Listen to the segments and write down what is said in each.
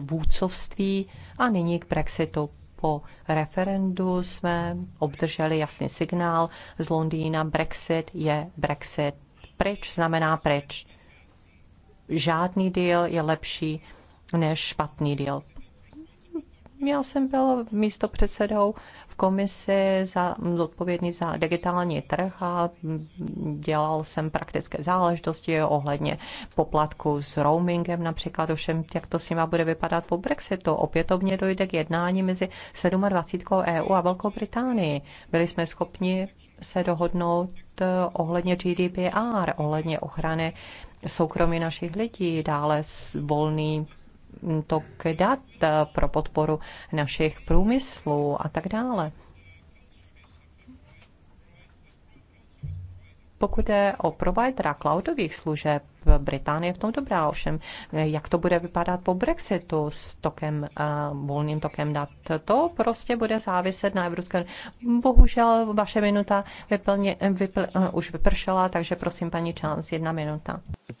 vůdcovství a nyní k Brexitu. Po referendu jsme obdrželi jasný signál z Londýna. Brexit je Brexit. Pryč znamená pryč. Žádný deal je lepší než špatný deal. Já jsem byl místo předsedou komisi za, zodpovědný za digitální trh a dělal jsem praktické záležitosti ohledně poplatku s roamingem například. Ovšem, jak to s nima bude vypadat po Brexitu? Opětovně dojde k jednání mezi 27 EU a Velkou Británii. Byli jsme schopni se dohodnout eh, ohledně GDPR, ohledně ochrany soukromí našich lidí, dále volný tok dat pro podporu našich průmyslů a tak dále. Pokud je o providera cloudových služeb, Británie v tom dobrá, ovšem jak to bude vypadat po Brexitu s tokem, uh, volným tokem dat, to prostě bude záviset na Evropské Bohužel vaše minuta vyplně, vypl, uh, už vypršela, takže prosím paní Čáns, jedna minuta. Uh,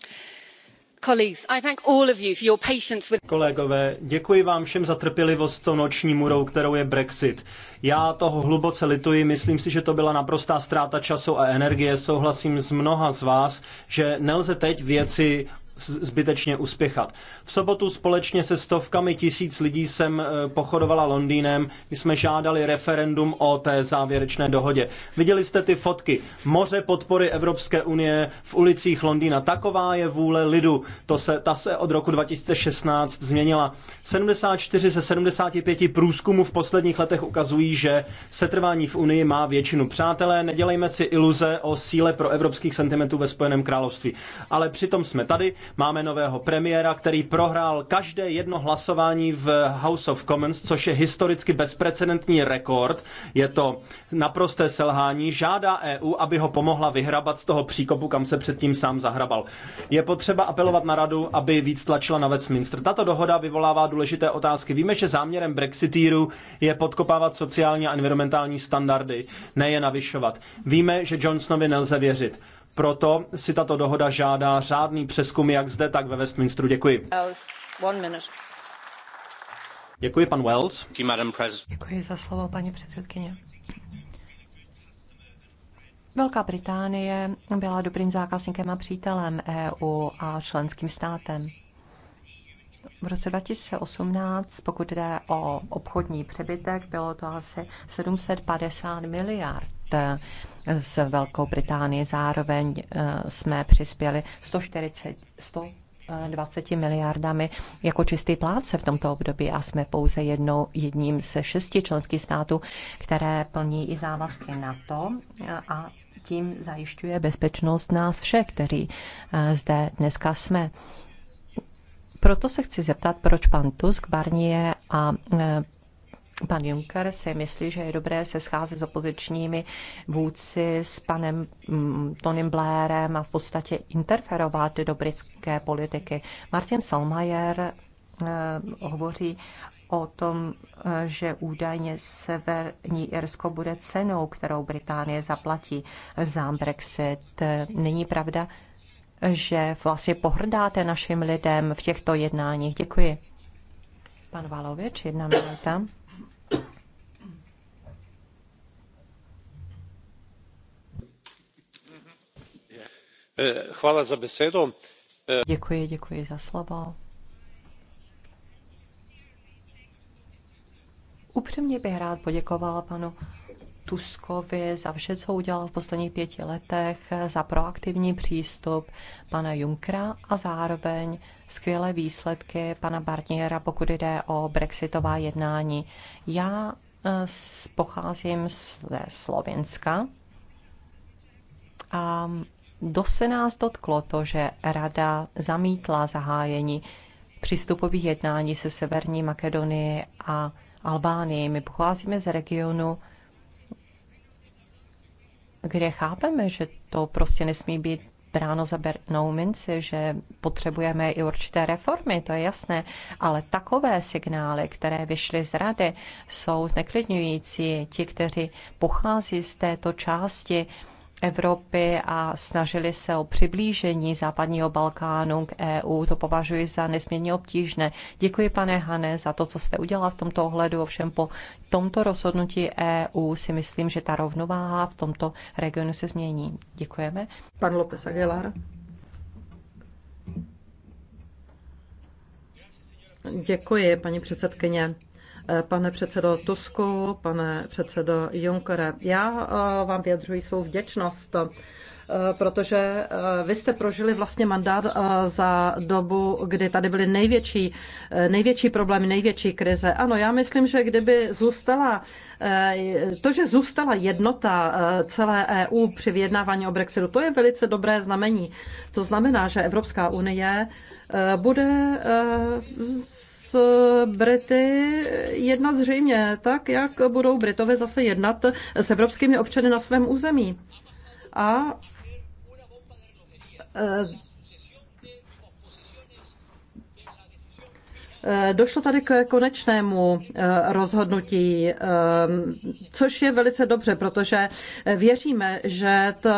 Kolegové, děkuji vám všem za trpělivost tou noční murou, kterou je Brexit. Já toho hluboce lituji, myslím si, že to byla naprostá ztráta času a energie. Souhlasím s mnoha z vás, že nelze teď věci zbytečně uspěchat. V sobotu společně se stovkami tisíc lidí jsem eh, pochodovala Londýnem, kdy jsme žádali referendum o té závěrečné dohodě. Viděli jste ty fotky. Moře podpory Evropské unie v ulicích Londýna. Taková je vůle lidu. To se, ta se od roku 2016 změnila. 74 ze 75 průzkumů v posledních letech ukazují, že setrvání v Unii má většinu. Přátelé, nedělejme si iluze o síle pro evropských sentimentů ve Spojeném království. Ale přitom jsme tady, Máme nového premiéra, který prohrál každé jedno hlasování v House of Commons, což je historicky bezprecedentní rekord. Je to naprosté selhání. Žádá EU, aby ho pomohla vyhrabat z toho příkopu, kam se předtím sám zahrabal. Je potřeba apelovat na radu, aby víc tlačila na Westminster. Tato dohoda vyvolává důležité otázky. Víme, že záměrem Brexitýru je podkopávat sociální a environmentální standardy, ne je navyšovat. Víme, že Johnsonovi nelze věřit. Proto si tato dohoda žádá řádný přeskum jak zde, tak ve Westminsteru. Děkuji. Děkuji, pan Wells. Děkuji za slovo, paní předsedkyně. Velká Británie byla dobrým zákazníkem a přítelem EU a členským státem. V roce 2018, pokud jde o obchodní přebytek, bylo to asi 750 miliard s eh, Velkou Británií. Zároveň eh, jsme přispěli 140, 100 20 miliardami jako čistý plátce v tomto období a jsme pouze jednou, jedním ze šesti členských států, které plní i závazky NATO eh, a tím zajišťuje bezpečnost nás všech, kteří zde dneska jsme. Proto se chci zeptat, proč pan Tusk, Barnier a Pan Juncker si myslí, že je dobré se scházet s opozičními vůdci, s panem mm, Tonym Blairem a v podstatě interferovat do britské politiky. Martin Salmajer eh, hovoří o tom, eh, že údajně Severní Irsko bude cenou, kterou Británie zaplatí za Brexit. Není pravda, že vlastně pohrdáte našim lidem v těchto jednáních. Děkuji. Pan Valovič, jedna minuta. Děkuji, děkuji za Upřímně bych rád poděkoval panu Tuskovi za vše, co udělal v posledních pěti letech, za proaktivní přístup pana Junkra a zároveň skvělé výsledky pana Barniera, pokud jde o brexitová jednání. Já eh, pocházím ze Slovenska a do se nás dotklo to, že Rada zamítla zahájení přístupových jednání se Severní Makedonii a Albánii. My pocházíme z regionu, kde chápeme, že to prostě nesmí být bráno za bernou minci, že potřebujeme i určité reformy, to je jasné, ale takové signály, které vyšly z rady, jsou zneklidňující. Ti, kteří pochází z této části Evropy a snažili se o přiblížení západního Balkánu k EU. To považuji za nesmírně obtížné. Děkuji, pane Hane, za to, co jste udělal v tomto ohledu. Ovšem po tomto rozhodnutí EU si myslím, že ta rovnováha v tomto regionu se změní. Děkujeme. Pan López Aguilar. Děkuji, paní předsedkyně pane předsedo Tusku, pane předsedo Junckere. Já eh, vám vyjadřuji svou vděčnost, eh, protože eh, vy jste prožili vlastně mandát za dobu, kdy tady byly největší, největší problémy, největší krize. Ano, já myslím, že kdyby zůstala to, že zůstala jednota celé EU při vyjednávání o Brexitu, to je velice dobré znamení. To znamená, že Evropská unie bude s eh, Brity jednat zřejmě tak, jak budou Britové zase jednat s evropskými občany na svém území. A eh, Eh, došlo tady k konečnému eh, rozhodnutí, eh, což je velice dobře, protože věříme, že to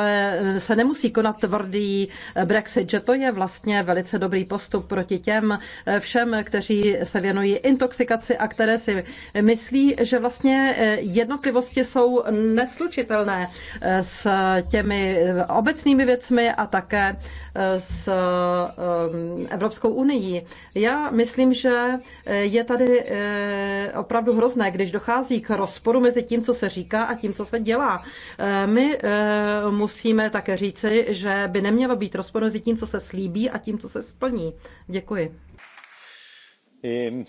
se nemusí konat tvrdý Brexit, že to je vlastně velice dobrý postup proti těm všem, kteří se věnují intoxikaci a které si myslí, že vlastně jednotlivosti jsou neslučitelné s těmi obecnými věcmi a také s Evropskou unii. Já myslím, že že eh, je tady eh, opravdu hrozné, když dochází k rozporu mezi tím, co se říká a tím, co se dělá. Eh, my musíme také říci, že by nemělo být rozporu mezi tím, co se slíbí a tím, co se splní. Děkuji. Ehm,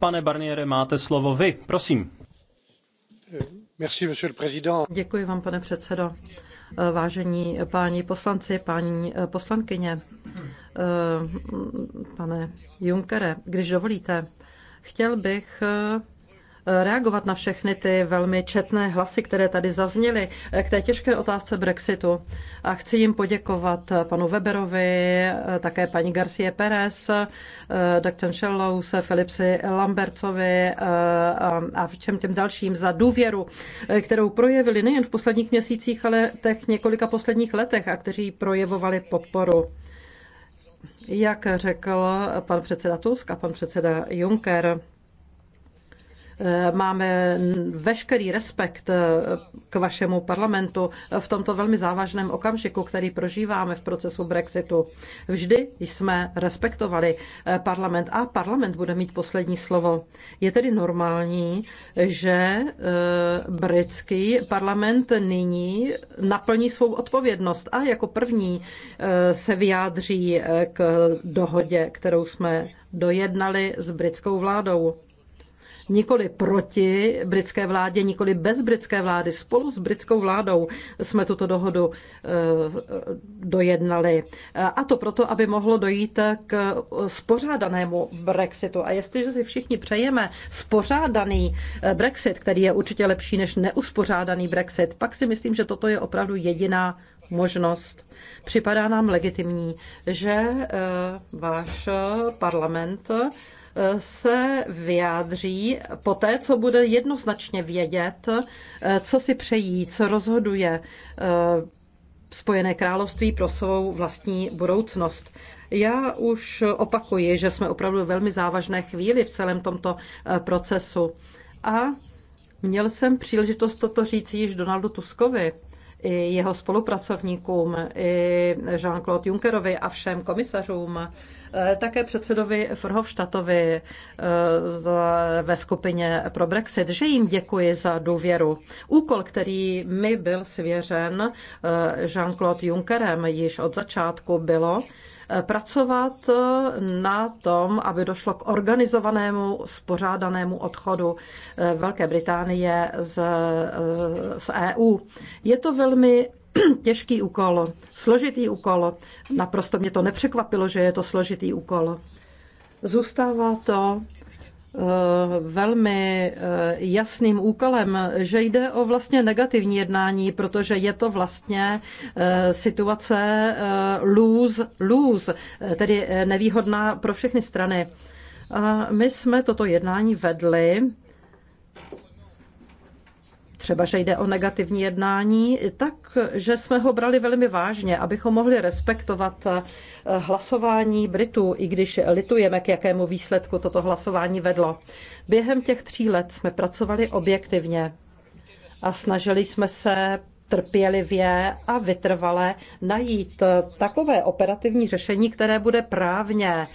pane Barniere, máte slovo vy, prosím. Děkuji vám, pane předsedo. Vážení páni poslanci, paní poslankyně, Eh, pane Junkere, když dovolíte, chtěl bych eh, reagovat na všechny ty velmi četné hlasy, které tady zazněly k té těžké otázce Brexitu. A chci jim poděkovat panu Weberovi, eh, také paní Garcia Perez, Dr. Shellows, Filipsi Lambertovi a všem těm dalším za důvěru, kterou projevili nejen v posledních měsících, ale těch několika posledních letech a kteří projevovali podporu jak řekl pan předseda Tusk a pan předseda Juncker, Eh, máme veškerý respekt eh, k vašemu parlamentu v tomto velmi závažném okamžiku, který prožíváme v procesu Brexitu. Vždy jsme respektovali eh, parlament a parlament bude mít poslední slovo. Je tedy normální, že britský parlament nyní naplní svou odpovědnost a jako první se vyjádří k dohodě, kterou jsme dojednali s britskou vládou nikoli proti britské vládě, nikoli bez britské vlády, spolu s britskou vládou jsme tuto dohodu eh, dojednali. Eh, a to proto, aby mohlo dojít k eh, spořádanému Brexitu. A jestliže si všichni přejeme spořádaný Brexit, který je určitě lepší než neuspořádaný Brexit, pak si myslím, že toto je opravdu jediná možnost. Připadá nám legitimní, že váš parlament se vyjádří po té, co bude jednoznačně vědět, eh, co si přejí, co rozhoduje eh, Spojené království pro svou vlastní budoucnost. Já už opakuji, že jsme opravdu velmi závažné chvíli v celém tomto eh, procesu. A měl jsem příležitost toto říct již Donaldu Tuskovi, i jeho spolupracovníkům, i Jean-Claude Junckerovi a všem komisařům Eh, také předsedovi Frhovštatovi eh, ve skupině pro Brexit, že jim děkuji za důvěru. Úkol, který mi byl svěřen eh, Jean-Claude Junckerem již od začátku, bylo, pracovat na tom, aby došlo k organizovanému, spořádanému odchodu Velké Británie z, z EU. Je to velmi těžký úkol, složitý úkol. Naprosto mě to nepřekvapilo, že je to složitý úkol. Zůstává to eh, velmi eh, jasným úkolem, že jde o vlastně negativní jednání, protože je to vlastně eh, situace lose-lose, tedy nevýhodná pro všechny strany. A my jsme toto jednání vedli třeba, že jde o negativní jednání, tak, že jsme ho brali velmi vážně, abychom mohli respektovat eh, hlasování Britů, i když litujeme, k jakému výsledku toto hlasování vedlo. Během těch tří let jsme pracovali objektivně a snažili jsme se trpělivě a vytrvale najít eh, takové operativní řešení, které bude právně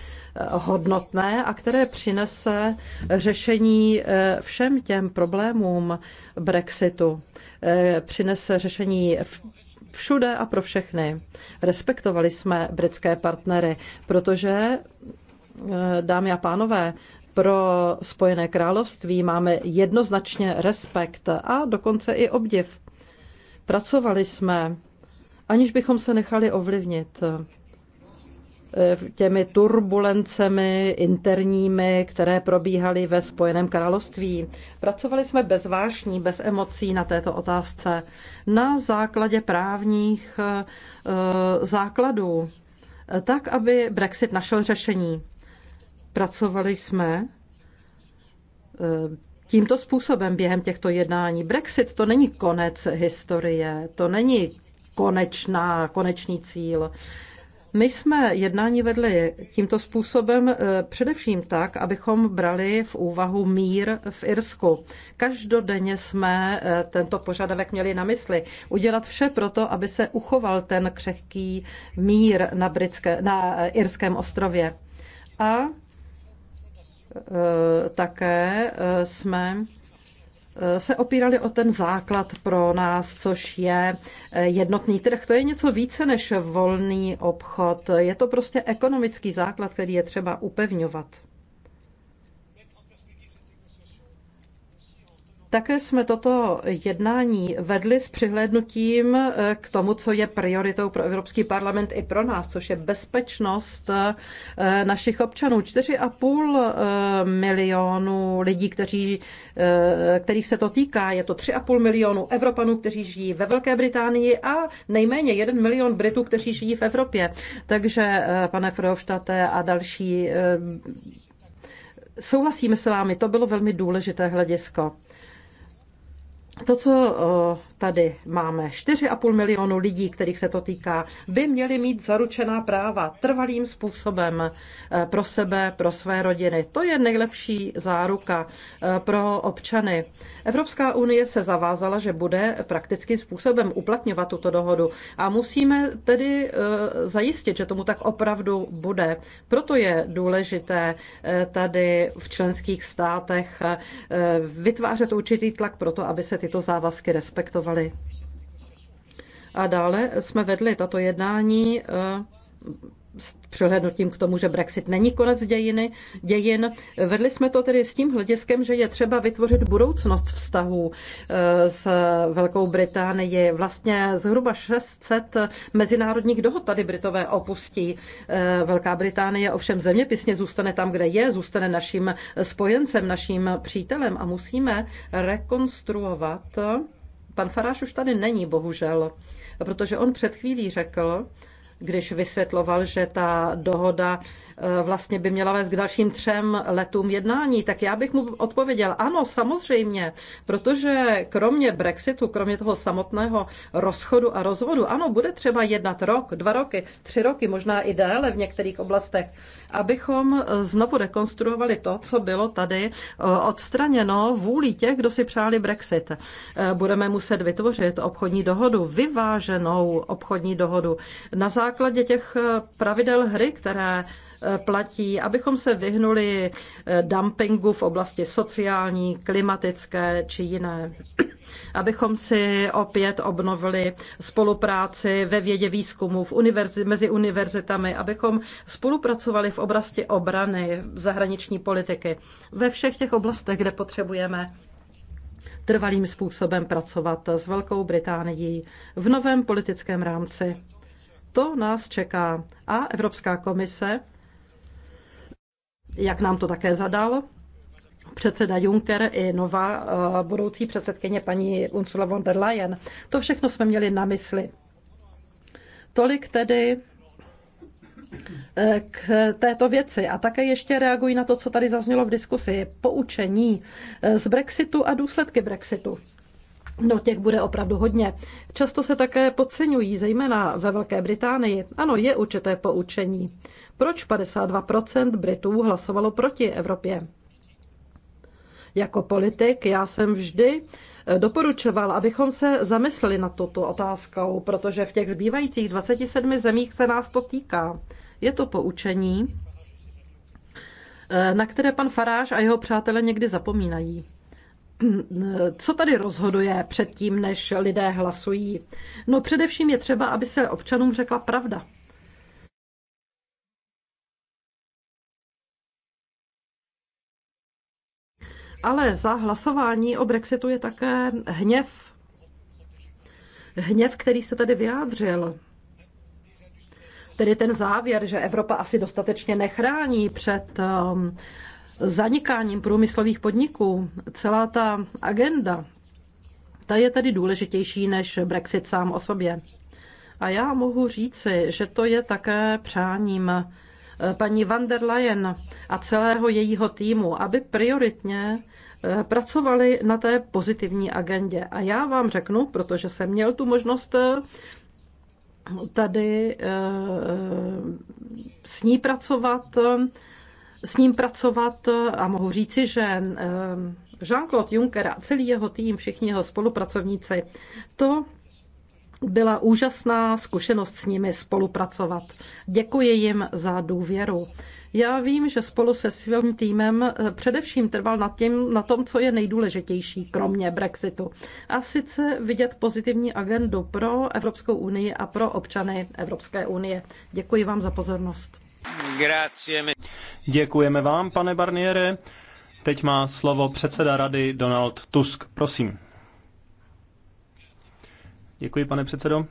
hodnotné a které přinese řešení eh, všem těm problémům Brexitu. Eh, přinese řešení všude a pro všechny. Respektovali jsme britské partnery, protože, eh, dámy a pánové, pro Spojené království máme jednoznačně respekt a dokonce i obdiv. Pracovali jsme, aniž bychom se nechali ovlivnit. Eh, těmi turbulencemi interními, které probíhaly ve Spojeném království. Pracovali jsme bez vášní, bez emocí na této otázce na základě právních eh, základů, tak, aby Brexit našel řešení. Pracovali jsme eh, tímto způsobem během těchto jednání. Brexit to není konec historie, to není konečná, konečný cíl. My jsme jednání vedli tímto způsobem eh, především tak, abychom brali v úvahu mír v Irsku. Každodenně jsme eh, tento požadavek měli na mysli. Udělat vše proto, aby se uchoval ten křehký mír na, britské, na eh, Irském ostrově. A také jsme se opírali o ten základ pro nás, což je jednotný trh. To je něco více než volný obchod. Je to prostě ekonomický základ, který je třeba upevňovat. Také jsme toto jednání vedli s přihlédnutím eh, k tomu, co je prioritou pro Evropský parlament i pro nás, což je bezpečnost eh, našich občanů. 4,5 eh, milionu lidí, kteří, kterých se to týká, je to 3,5 milionu Evropanů, kteří žijí ve Velké Británii a nejméně 1 milion Britů, kteří žijí v Evropě. Takže, pane Frohovštate a další, souhlasíme s vámi, to bylo velmi důležité hledisko to, co tady máme, 4,5 milionu lidí, kterých se to týká, by měli mít zaručená práva trvalým způsobem e, pro sebe, pro své rodiny. To je nejlepší záruka e, pro občany. Evropská unie se zavázala, že bude praktickým způsobem uplatňovat tuto dohodu a musíme tedy e, zajistit, že tomu tak opravdu bude. Proto je důležité tady v členských státech vytvářet určitý tlak pro to, aby se ty tyto závazky respektovaly. A dále jsme vedli tato jednání eh, s přihlednutím k tomu, že Brexit není konec dějiny, dějin. Vedli jsme to tedy s tím hlediskem, že je třeba vytvořit budoucnost vztahů eh, s Velkou Británií. Vlastně zhruba 600 mezinárodních dohod tady Britové opustí. Eh, Velká Británie ovšem zeměpisně zůstane tam, kde je, zůstane naším spojencem, naším přítelem a musíme rekonstruovat Pan Faráš už tady není, bohužel, protože on před chvílí řekl, když vysvětloval, že ta dohoda Eh, vlastně by měla vést k dalším třem letům jednání, tak já bych mu odpověděl ano, samozřejmě, protože kromě Brexitu, kromě toho samotného rozchodu a rozvodu, ano, bude třeba jednat rok, dva roky, tři roky, možná i déle v některých oblastech, abychom eh, znovu rekonstruovali to, co bylo tady eh, odstraněno vůli těch, kdo si přáli Brexit. Budeme muset vytvořit obchodní dohodu, vyváženou obchodní dohodu na základě těch pravidel hry, které Eh, platí, abychom se vyhnuli eh, dumpingu v oblasti sociální, klimatické či jiné. Abychom si opět obnovili spolupráci ve vědě výzkumu v univerzi- mezi univerzitami, abychom spolupracovali v oblasti obrany, zahraniční politiky, ve všech těch oblastech, kde potřebujeme trvalým způsobem pracovat s Velkou Británií v novém politickém rámci. To nás čeká a Evropská komise jak nám to také zadal předseda Juncker i nová eh, budoucí předsedkyně paní Ursula von der Leyen. To všechno jsme měli na mysli. Tolik tedy eh, k této věci. A také ještě reagují na to, co tady zaznělo v diskusi. Poučení eh, z Brexitu a důsledky Brexitu. No, těch bude opravdu hodně. Často se také podceňují, zejména ve Velké Británii. Ano, je určité poučení. Proč 52% Britů hlasovalo proti Evropě? Jako politik já jsem vždy eh, doporučoval, abychom se zamysleli nad tuto otázkou, protože v těch zbývajících 27 zemích se nás to týká. Je to poučení, eh, na které pan Faráš a jeho přátelé někdy zapomínají co tady rozhoduje předtím, než lidé hlasují? No především je třeba, aby se občanům řekla pravda. Ale za hlasování o Brexitu je také hněv. Hněv, který se tady vyjádřil. Tedy ten závěr, že Evropa asi dostatečně nechrání před um, zanikáním průmyslových podniků. Celá ta agenda, ta je tady důležitější než Brexit sám o sobě. A já mohu říci, že to je také přáním Eh, paní van der Leyen a celého jejího týmu, aby prioritně eh, pracovali na té pozitivní agendě. A já vám řeknu, protože jsem měl tu možnost eh, tady s ní pracovat, s ním pracovat a mohu říci, že Jean-Claude Juncker a celý jeho tým, všichni jeho spolupracovníci, to byla úžasná zkušenost s nimi spolupracovat. Děkuji jim za důvěru. Já vím, že spolu se svým týmem eh, především trval na, tím, na tom, co je nejdůležitější, kromě Brexitu. A sice vidět pozitivní agendu pro Evropskou unii a pro občany Evropské unie. Děkuji vám za pozornost. Děkujeme vám, pane Barniere. Teď má slovo předseda rady Donald Tusk. Prosím. Děkuji, pane předsedo.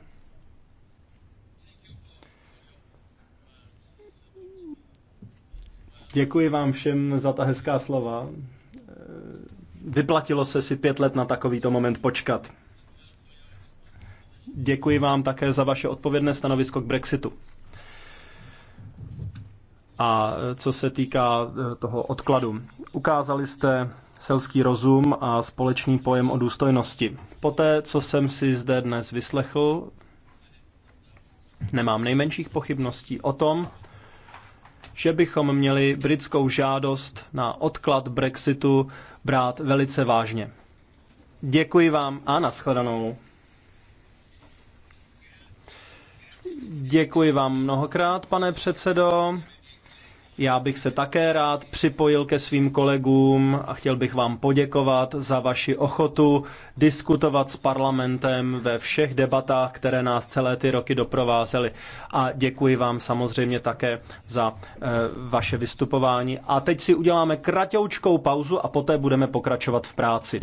Děkuji vám všem za ta hezká slova. Vyplatilo se si pět let na takovýto moment počkat. Děkuji vám také za vaše odpovědné stanovisko k Brexitu. A co se týká toho odkladu, ukázali jste selský rozum a společný pojem o důstojnosti. Poté, co jsem si zde dnes vyslechl, nemám nejmenších pochybností o tom, že bychom měli britskou žádost na odklad Brexitu brát velice vážně. Děkuji vám a nashledanou. Děkuji vám mnohokrát, pane předsedo. Já bych se také rád připojil ke svým kolegům a chtěl bych vám poděkovat za vaši ochotu diskutovat s parlamentem ve všech debatách, které nás celé ty roky doprovázely. A děkuji vám samozřejmě také za e, vaše vystupování. A teď si uděláme kratoučkou pauzu a poté budeme pokračovat v práci.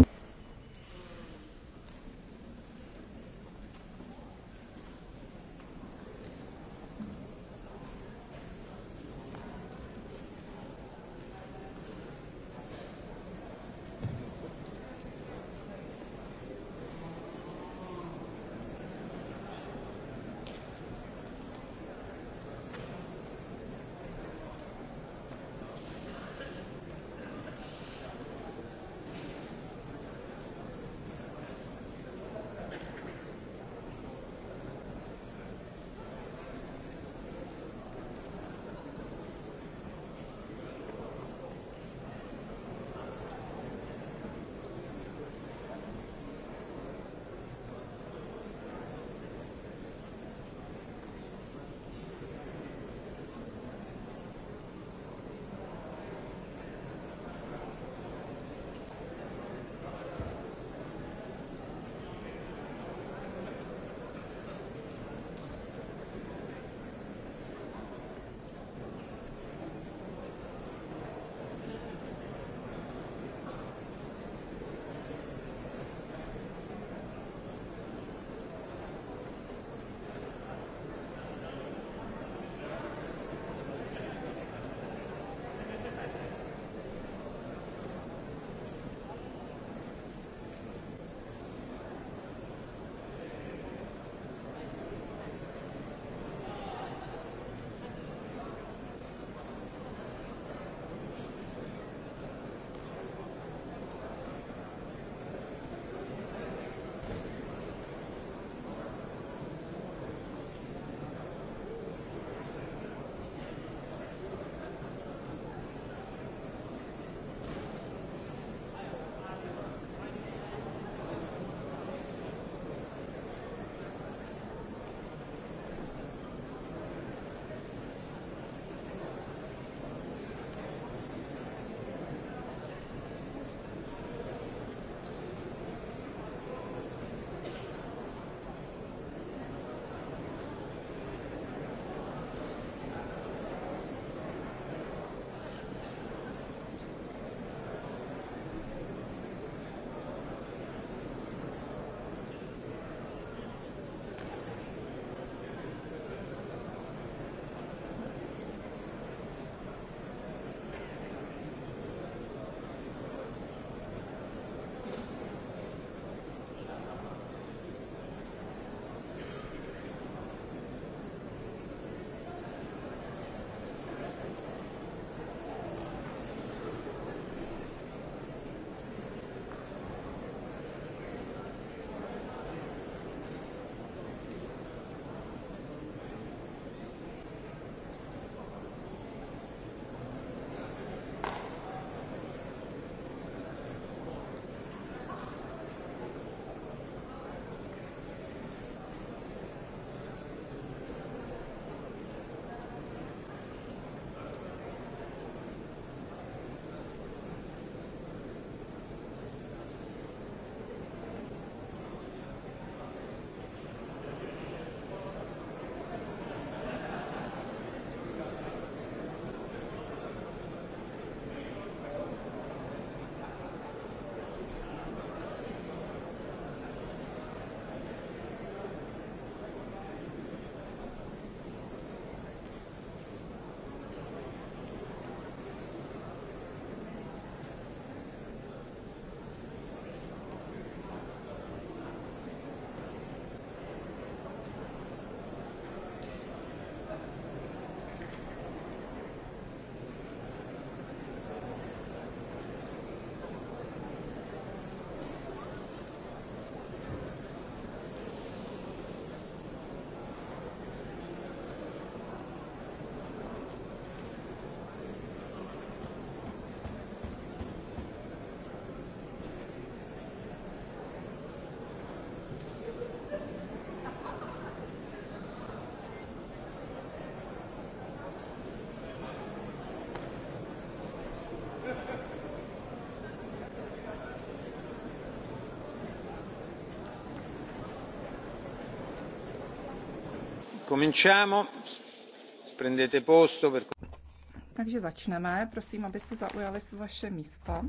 Takže začneme. Prosím, abyste zaujali vaše místa.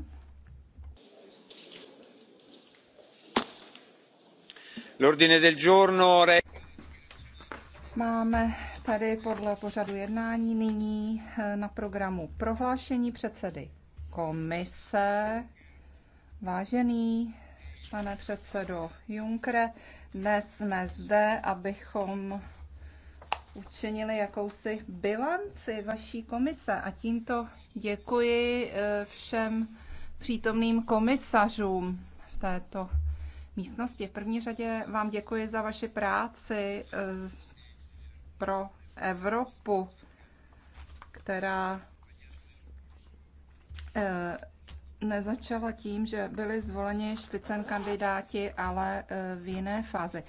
L'ordine del giorno... Máme tady podle pořadu jednání nyní eh, na programu prohlášení předsedy komise. Vážený pane předsedo Junkre, dnes jsme zde, abychom učinili jakousi bilanci vaší komise a tímto děkuji eh, všem přítomným komisařům v této místnosti. V první řadě vám děkuji za vaši práci eh, pro Evropu, která eh, nezačala tím, že byli zvoleni špicen kandidáti, ale v jiné fázi.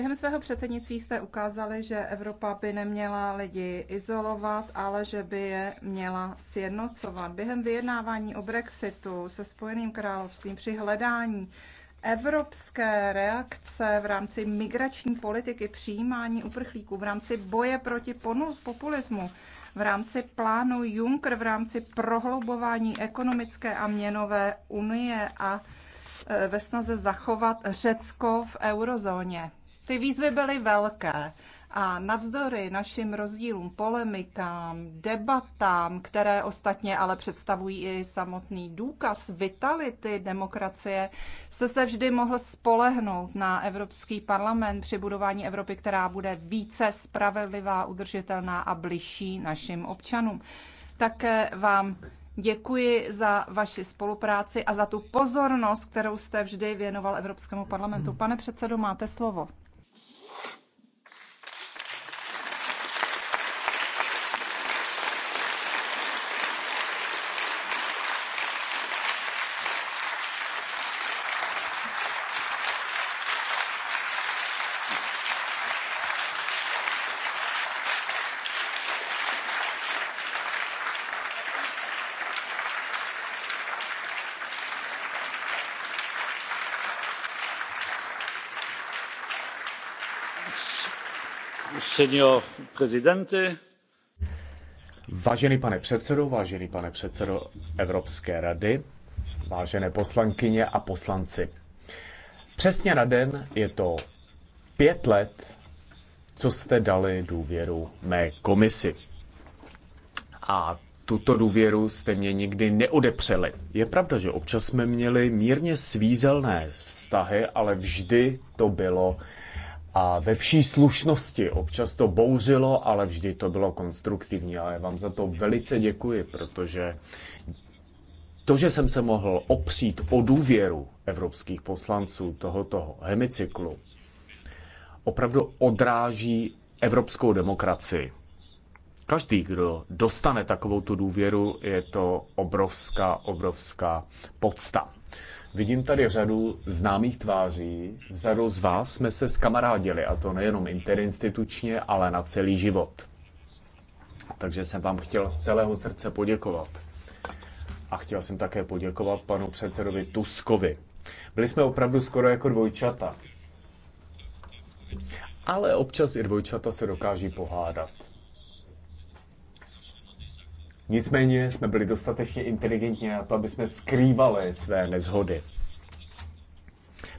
Během svého předsednictví jste ukázali, že Evropa by neměla lidi izolovat, ale že by je měla sjednocovat. Během vyjednávání o Brexitu se Spojeným královstvím při hledání evropské reakce v rámci migrační politiky, přijímání uprchlíků, v rámci boje proti populismu, v rámci plánu Juncker, v rámci prohlubování ekonomické a měnové unie a e, ve snaze zachovat Řecko v eurozóně. Ty výzvy byly velké. A navzdory našim rozdílům, polemikám, debatám, které ostatně ale představují i samotný důkaz vitality demokracie, jste se vždy mohl spolehnout na Evropský parlament při budování Evropy, která bude více spravedlivá, udržitelná a bližší našim občanům. Také vám děkuji za vaši spolupráci a za tu pozornost, kterou jste vždy věnoval Evropskému parlamentu. Pane předsedo, máte slovo. Vážený pane předsedo, vážený pane předsedo Evropské rady, vážené poslankyně a poslanci. Přesně na den je to pět let, co jste dali důvěru mé komisi. A tuto důvěru jste mě nikdy neodepřeli. Je pravda, že občas jsme měli mírně svízelné vztahy, ale vždy to bylo a ve vší slušnosti. Občas to bouřilo, ale vždy to bylo konstruktivní. A já vám za to velice děkuji, protože to, že jsem se mohl opřít o důvěru evropských poslanců tohoto hemicyklu, opravdu odráží evropskou demokracii. Každý, kdo dostane takovou tu důvěru, je to obrovská, obrovská podsta. Vidím tady řadu známých tváří. řadu z vás jsme se skamarádili, a to nejenom interinstitučně, ale na celý život. Takže jsem vám chtěl z celého srdce poděkovat. A chtěl jsem také poděkovat panu předsedovi Tuskovi. Byli jsme opravdu skoro jako dvojčata. Ale občas i dvojčata se dokáží pohádat. Nicméně jsme byli dostatečně inteligentní na to, aby jsme skrývali své nezhody.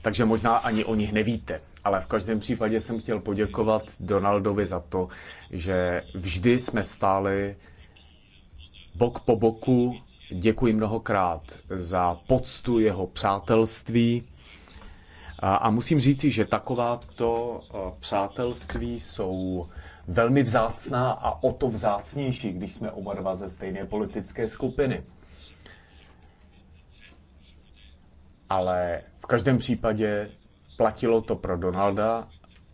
Takže možná ani o nich nevíte. Ale v každém případě jsem chtěl poděkovat Donaldovi za to, že vždy jsme stáli bok po boku. Děkuji mnohokrát za poctu jeho přátelství. A musím říci, že takováto eh, přátelství jsou velmi vzácná a o to vzácnější, když jsme oba dva ze stejné politické skupiny. Ale v každém případě platilo to pro Donalda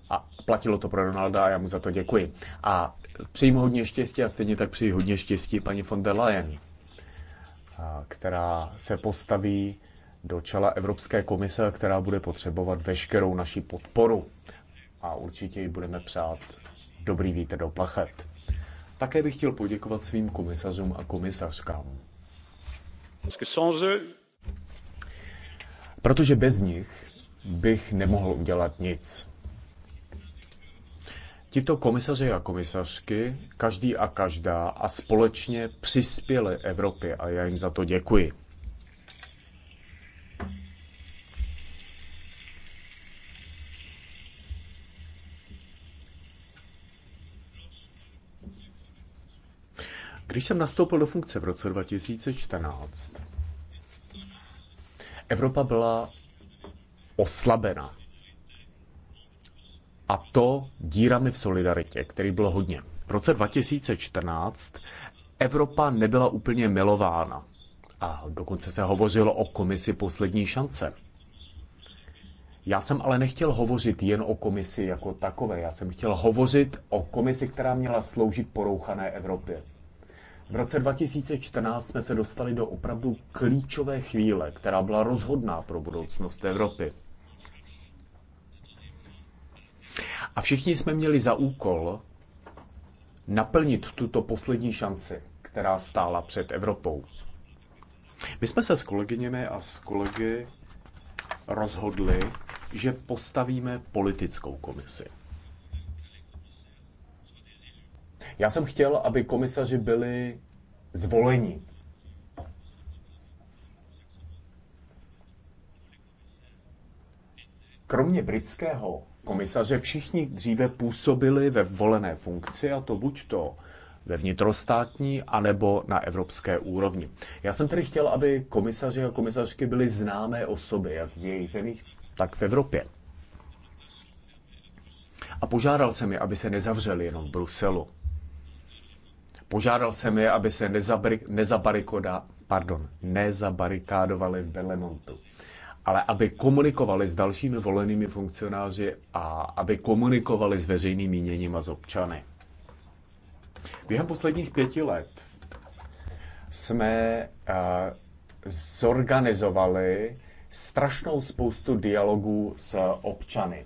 a platilo to pro Donalda a já mu za to děkuji. A přeji mu hodně štěstí a stejně tak přeji hodně štěstí paní von der Leyen, která se postaví do čela Evropské komise, která bude potřebovat veškerou naši podporu. A určitě ji budeme přát dobrý vítr do plachet. Také bych chtěl poděkovat svým komisařům a komisařkám. Protože bez nich bych nemohl udělat nic. Tito komisaři a komisařky, každý a každá, a společně přispěli Evropě a já jim za to děkuji. Když jsem nastoupil do funkce v roce 2014, Evropa byla oslabena. A to dírami v solidaritě, který bylo hodně. V roce 2014 Evropa nebyla úplně milována. A dokonce se hovořilo o komisi poslední šance. Já jsem ale nechtěl hovořit jen o komisi jako takové. Já jsem chtěl hovořit o komisi, která měla sloužit porouchané Evropě. V roce 2014 jsme se dostali do opravdu klíčové chvíle, která byla rozhodná pro budoucnost Evropy. A všichni jsme měli za úkol naplnit tuto poslední šanci, která stála před Evropou. My jsme se s kolegyněmi a s kolegy rozhodli, že postavíme politickou komisi. Já jsem chtěl, aby komisaři byli zvoleni. Kromě britského komisaře všichni dříve působili ve volené funkci, a to buď to ve vnitrostátní, anebo na evropské úrovni. Já jsem tedy chtěl, aby komisaři a komisařky byly známé osoby, jak v jejich zemích, tak v Evropě. A požádal jsem je, aby se nezavřeli jenom v Bruselu. Požádal jsem je, aby se nezabarikoda, pardon, nezabarikádovali v Belemontu, ale aby komunikovali s dalšími volenými funkcionáři a aby komunikovali s veřejným míněním a s občany. Během posledních pěti let jsme uh, zorganizovali strašnou spoustu dialogů s občany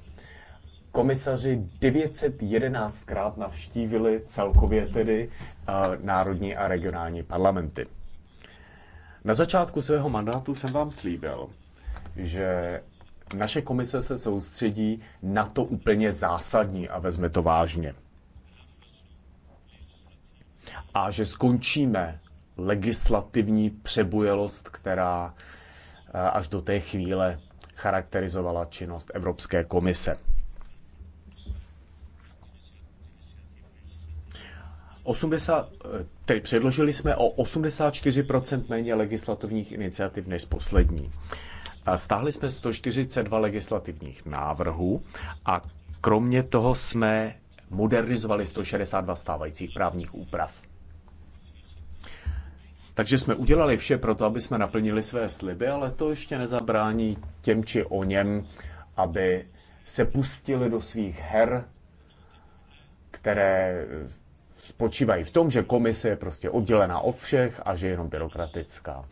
komisaři 911krát navštívili celkově tedy eh, národní a regionální parlamenty. Na začátku svého mandátu jsem vám slíbil, že naše komise se soustředí na to úplně zásadní a vezme to vážně. A že skončíme legislativní přebujelost, která eh, až do té chvíle charakterizovala činnost Evropské komise. 80, eh, tedy předložili jsme o 84% méně legislativních iniciativ než poslední. Stáhli jsme 142 legislativních návrhů a kromě toho jsme modernizovali 162 stávajících právních úprav. Takže jsme udělali vše pro to, aby jsme naplnili své sliby, ale to ještě nezabrání těm či o něm, aby se pustili do svých her, které spočívají v tom, že komise je prostě oddělená od všech a že je jenom byrokratická.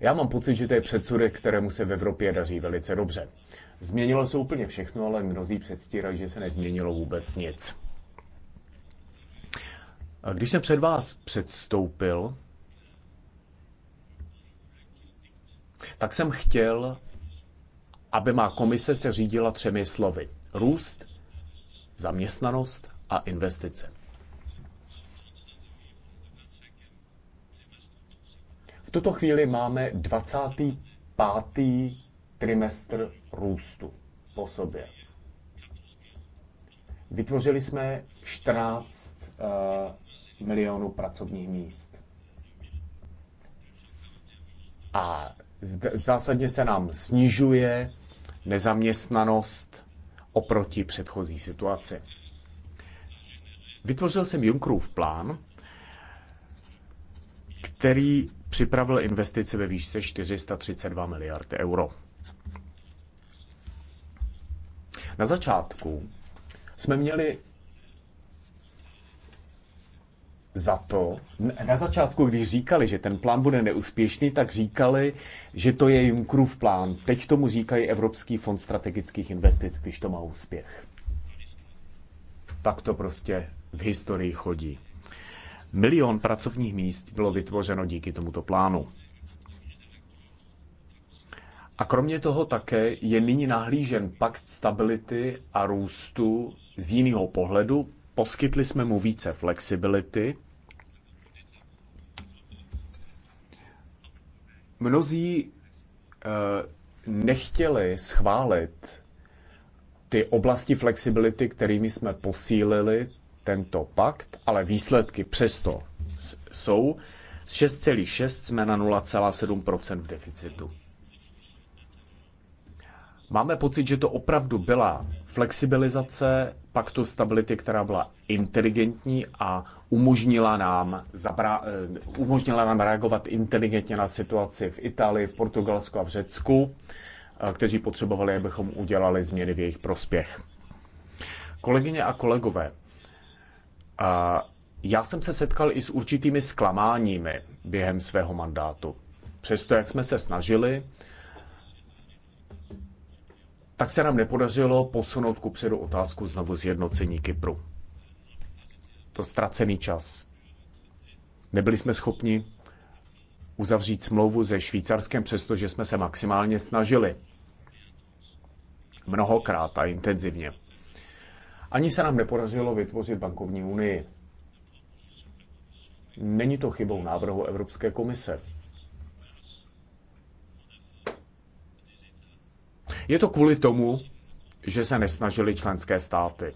Já mám pocit, že to je předsudek, kterému se v Evropě daří velice dobře. Změnilo se úplně všechno, ale mnozí předstírají, že se nezměnilo vůbec nic. A když jsem před vás předstoupil, tak jsem chtěl, aby má komise se řídila třemi slovy. Růst, zaměstnanost a investice. tuto chvíli máme 25. trimestr růstu po sobě. Vytvořili jsme 14 uh, eh, milionů pracovních míst. A zásadně se nám snižuje nezaměstnanost oproti předchozí situaci. Vytvořil jsem Junckerův plán, který připravil investice ve výšce 432 miliard euro. Na začátku jsme měli za to, na začátku, když říkali, že ten plán bude neúspěšný, tak říkali, že to je Junckerův plán. Teď tomu říkají Evropský fond strategických investic, když to má úspěch. Tak to prostě v historii chodí. Milion pracovních míst bylo vytvořeno díky tomuto plánu. A kromě toho také je nyní nahlížen pakt stability a růstu z jiného pohledu. Poskytli jsme mu více flexibility. Mnozí eh, nechtěli schválit ty oblasti flexibility, kterými jsme posílili tento pakt, ale výsledky přesto jsou. Z 6,6 jsme na 0,7 v deficitu. Máme pocit, že to opravdu byla flexibilizace paktu stability, která byla inteligentní a umožnila nám, zabra- eh, umožnila nám reagovat inteligentně na situaci v Itálii, v Portugalsku a v Řecku, eh, kteří potřebovali, abychom udělali změny v jejich prospěch. Kolegyně a kolegové, a já jsem se setkal i s určitými zklamáními během svého mandátu. Přesto, jak jsme se snažili, tak se nám nepodařilo posunout ku předu otázku znovu zjednocení Kypru. To ztracený čas. Nebyli jsme schopni uzavřít smlouvu se Švýcarskem, přestože jsme se maximálně snažili. Mnohokrát a intenzivně. Ani se nám nepodařilo vytvořit bankovní unii. Není to chybou návrhu Evropské komise. Je to kvůli tomu, že se nesnažili členské státy.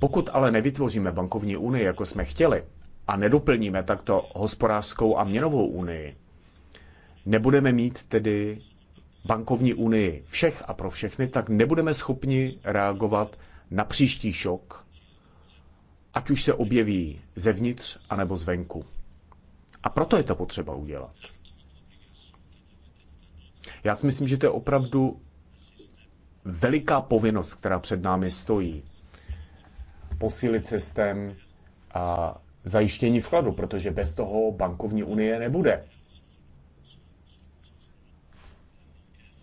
Pokud ale nevytvoříme bankovní unii, jako jsme chtěli, a nedoplníme takto hospodářskou a měnovou unii, nebudeme mít tedy bankovní unii všech a pro všechny, tak nebudeme schopni reagovat na příští šok, ať už se objeví zevnitř anebo zvenku. A proto je to potřeba udělat. Já si myslím, že to je opravdu veliká povinnost, která před námi stojí. Posílit systém a zajištění vkladu, protože bez toho bankovní unie nebude.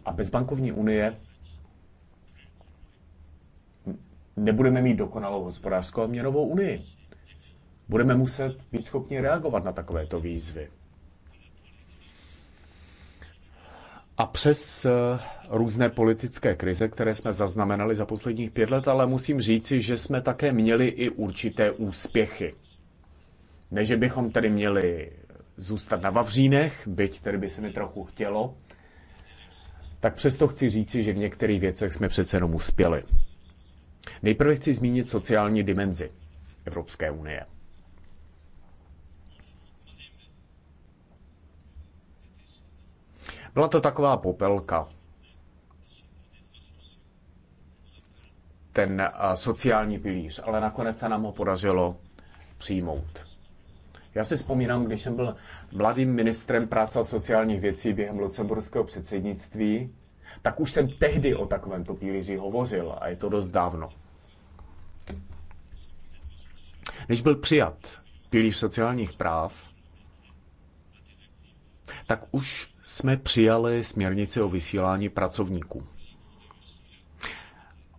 A bez bankovní unie nebudeme mít dokonalou hospodářskou a měnovou unii. Budeme muset být schopni reagovat na takovéto výzvy. A přes eh, různé politické krize, které jsme zaznamenali za posledních pět let, ale musím říci, že jsme také měli i určité úspěchy. Ne, že bychom tedy měli zůstat na Vavřínech, byť tedy by se mi trochu chtělo, tak přesto chci říci, že v některých věcech jsme přece jenom uspěli. Nejprve chci zmínit sociální dimenzi Evropské unie. Byla to taková popelka. Ten sociální pilíř, ale nakonec se nám ho podařilo přijmout. Já si vzpomínám, když jsem byl mladým ministrem práce a sociálních věcí během lucemburského předsednictví, tak už jsem tehdy o takovémto pilíři hovořil a je to dost dávno. Než byl přijat pilíř sociálních práv, tak už jsme přijali směrnici o vysílání pracovníků.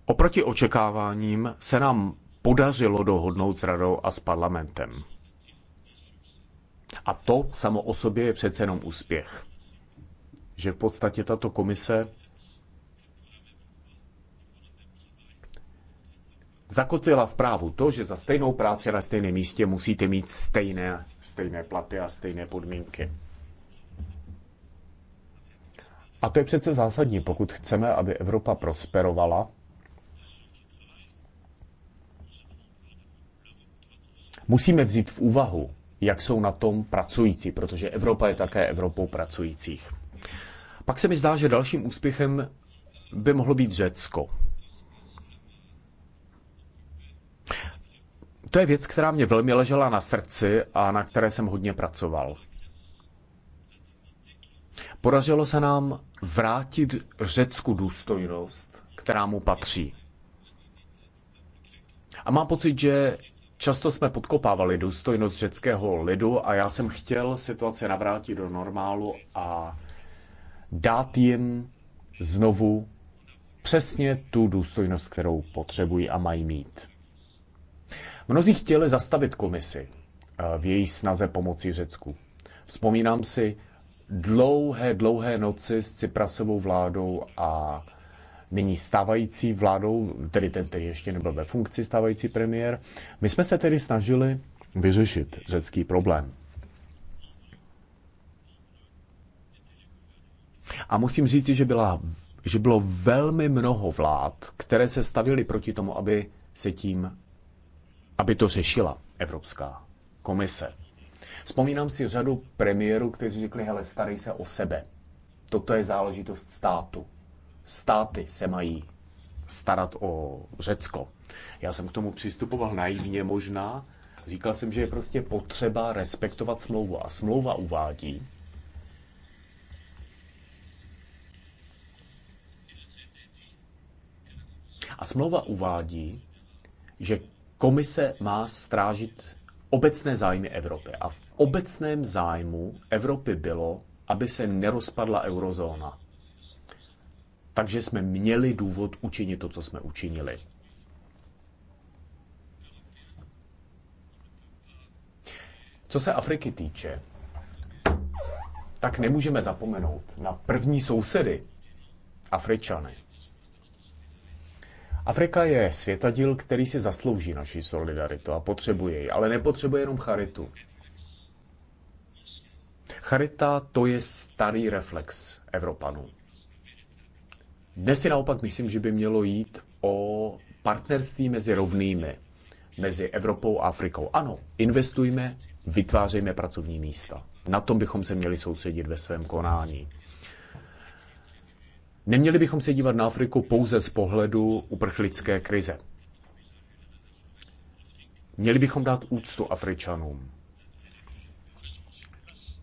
Oproti očekáváním se nám podařilo dohodnout s radou a s parlamentem. A to samo o sobě je přece jenom úspěch. Že v podstatě tato komise zakotila v právu to, že za stejnou práci na stejném místě musíte mít stejné, stejné platy a stejné podmínky. A to je přece zásadní, pokud chceme, aby Evropa prosperovala. Musíme vzít v úvahu, jak jsou na tom pracující, protože Evropa je také Evropou pracujících. Pak se mi zdá, že dalším úspěchem by mohlo být Řecko. to je věc, která mě velmi ležela na srdci a na které jsem hodně pracoval. Podařilo se nám vrátit Řecku důstojnost, která mu patří. A mám pocit, že často jsme podkopávali důstojnost řeckého lidu a já jsem chtěl situaci navrátit do normálu a dát jim znovu přesně tu důstojnost, kterou potřebují a mají mít. Mnozí chtěli zastavit komisi eh, v její snaze pomoci Řecku. Vzpomínám si dlouhé, dlouhé noci s Cyprasovou vládou a nyní stávající vládou, tedy ten, který ještě nebyl ve funkci, stávající premiér. My jsme se tedy snažili vyřešit řecký problém. A musím říct, že, byla, že bylo velmi mnoho vlád, které se stavily proti tomu, aby se tím aby to řešila Evropská komise. Vzpomínám si řadu premiérů, kteří řekli, hele, starej se o sebe. Toto je záležitost státu. Státy se mají starat o Řecko. Já jsem k tomu přistupoval naivně možná. Říkal jsem, že je prostě potřeba respektovat smlouvu. A smlouva uvádí, A smlouva uvádí, že Komise má strážit obecné zájmy Evropy a v obecném zájmu Evropy bylo, aby se nerozpadla eurozóna. Takže jsme měli důvod učinit to, co jsme učinili. Co se Afriky týče, tak nemůžeme zapomenout na první sousedy, Afričany. Afrika je světadíl, který si zaslouží naši solidaritu a potřebuje ji, ale nepotřebuje jenom charitu. Charita to je starý reflex Evropanů. Dnes si naopak myslím, že by mělo jít o partnerství mezi rovnými, mezi Evropou a Afrikou. Ano, investujme, vytvářejme pracovní místa. Na tom bychom se měli soustředit ve svém konání. Neměli bychom se dívat na Afriku pouze z pohledu uprchlické krize. Měli bychom dát úctu Afričanům.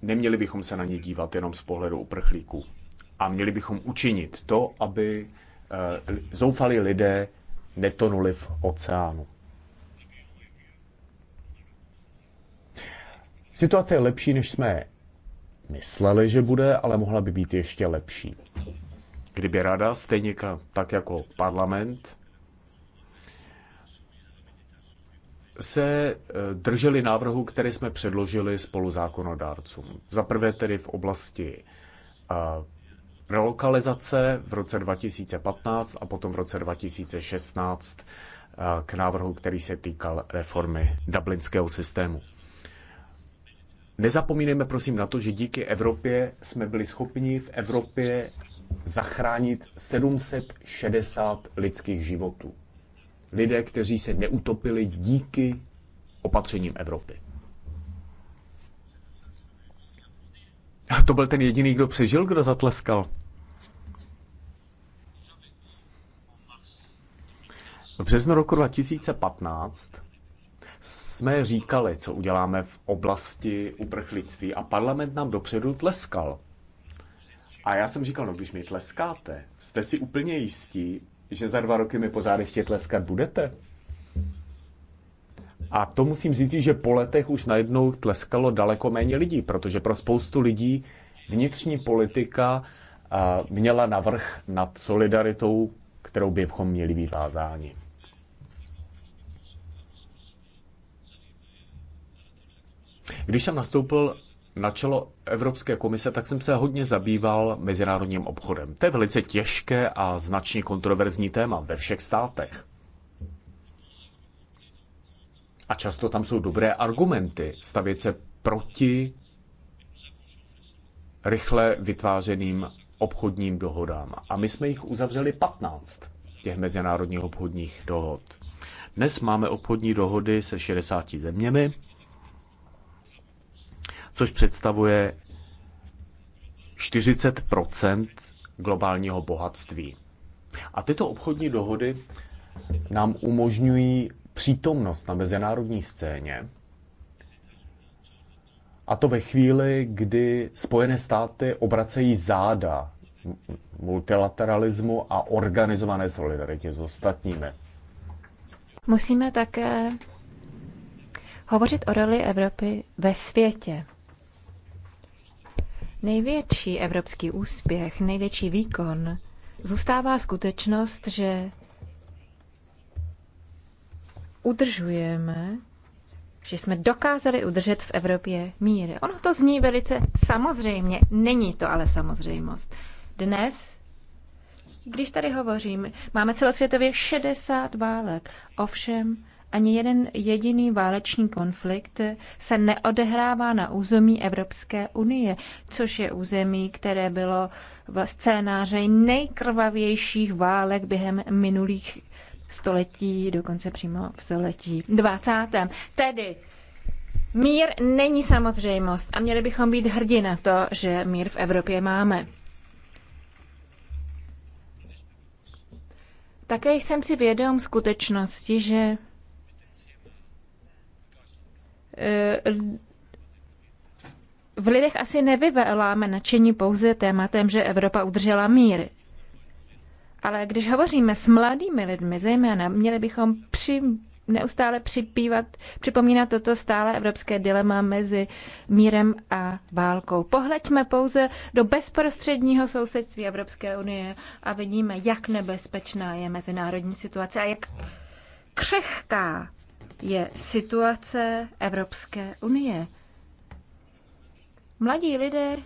Neměli bychom se na ně dívat jenom z pohledu uprchlíků. A měli bychom učinit to, aby eh, zoufalí lidé netonuli v oceánu. Situace je lepší, než jsme mysleli, že bude, ale mohla by být ještě lepší kdyby rada, stejně tak jako parlament, se eh, drželi návrhu, které jsme předložili spolu zákonodárcům. Za prvé tedy v oblasti eh, relokalizace v roce 2015 a potom v roce 2016 eh, k návrhu, který se týkal reformy dublinského systému. Nezapomínejme prosím na to, že díky Evropě jsme byli schopni v Evropě zachránit 760 lidských životů. Lidé, kteří se neutopili díky opatřením Evropy. A to byl ten jediný, kdo přežil, kdo zatleskal. V březnu roku 2015 jsme říkali, co uděláme v oblasti uprchlictví a parlament nám dopředu tleskal. A já jsem říkal, no když mi tleskáte, jste si úplně jistí, že za dva roky mi pořád ještě tleskat budete? A to musím říct, že po letech už najednou tleskalo daleko méně lidí, protože pro spoustu lidí vnitřní politika měla navrh nad solidaritou, kterou bychom měli být vázáni. Když jsem nastoupil na čelo Evropské komise, tak jsem se hodně zabýval mezinárodním obchodem. To je velice těžké a značně kontroverzní téma ve všech státech. A často tam jsou dobré argumenty stavět se proti rychle vytvářeným obchodním dohodám. A my jsme jich uzavřeli 15, těch mezinárodních obchodních dohod. Dnes máme obchodní dohody se 60 zeměmi, což představuje 40 globálního bohatství. A tyto obchodní dohody nám umožňují přítomnost na mezinárodní scéně. A to ve chvíli, kdy Spojené státy obracejí záda multilateralismu a organizované solidaritě s ostatními. Musíme také hovořit o roli Evropy ve světě. Největší evropský úspěch, největší výkon zůstává skutečnost, že udržujeme, že jsme dokázali udržet v Evropě mír. Ono to zní velice samozřejmě, není to ale samozřejmost. Dnes, když tady hovořím, máme celosvětově 60 válek, ovšem ani jeden jediný válečný konflikt se neodehrává na území Evropské unie, což je území, které bylo v scénáře nejkrvavějších válek během minulých století, dokonce přímo v století 20. Tedy mír není samozřejmost a měli bychom být hrdí na to, že mír v Evropě máme. Také jsem si vědom skutečnosti, že Eh, v lidech asi nevyveláme nadšení pouze tématem, že Evropa udržela mír. Ale když hovoříme s mladými lidmi, zejména měli bychom při, neustále připívat, připomínat toto stále evropské dilema mezi mírem a válkou. Pohleďme pouze do bezprostředního sousedství Evropské unie a vidíme, jak nebezpečná je mezinárodní situace a jak křehká je situace Evropské unie. Mladí lidé,